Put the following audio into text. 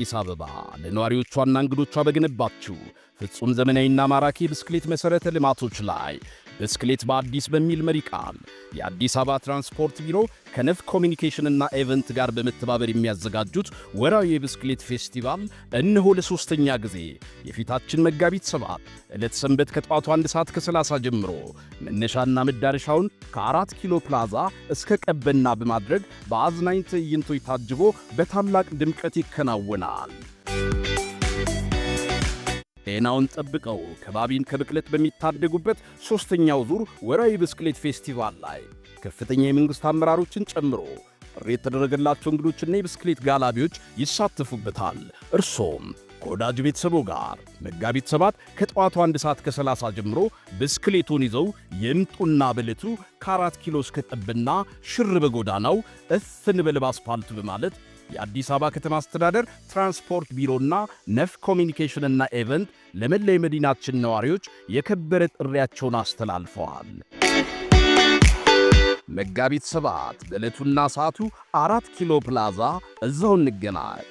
አዲስ አበባ ለነዋሪዎቿና እንግዶቿ በገነባችው ፍጹም ዘመናዊና ማራኪ ብስክሌት መሠረተ ልማቶች ላይ ብስክሌት በአዲስ በሚል መሪ ቃል የአዲስ አበባ ትራንስፖርት ቢሮ ከነፍ ኮሚኒኬሽንና ኤቨንት ጋር በመተባበር የሚያዘጋጁት ወራዊ የብስክሌት ፌስቲቫል እነሆ ለሶስተኛ ጊዜ የፊታችን መጋቢት ሰባት ዕለት ሰንበት ከጠዋቱ አንድ ሰዓት ከ30 ጀምሮ መነሻና መዳረሻውን ከአራት ኪሎ ፕላዛ እስከ ቀበና በማድረግ በአዝናኝ ትዕይንቶች ታጅቦ በታላቅ ድምቀት ይከናወናል። ጤናውን ጠብቀው ከባቢን ከብክለት በሚታደጉበት ሦስተኛው ዙር ወራዊ ብስክሌት ፌስቲቫል ላይ ከፍተኛ የመንግሥት አመራሮችን ጨምሮ ጥሪ የተደረገላቸው እንግዶችና የብስክሌት ጋላቢዎች ይሳተፉበታል። እርሶም ከወዳጅ ቤተሰቦ ጋር መጋቢት ሰባት ከጠዋቱ አንድ ሰዓት ከ30 ጀምሮ ብስክሌቶን ይዘው የምጡና በለቱ ከአራት ኪሎ እስከ ጠብና ሽር በጎዳናው እፍን በልብ አስፋልቱ በማለት የአዲስ አበባ ከተማ አስተዳደር ትራንስፖርት ቢሮና ነፍ ኮሚኒኬሽንና ኤቨንት ለመላ የመዲናችን ነዋሪዎች የከበረ ጥሪያቸውን አስተላልፈዋል። መጋቢት ሰባት በዕለቱና ሰዓቱ አራት ኪሎ ፕላዛ እዛው እንገናል።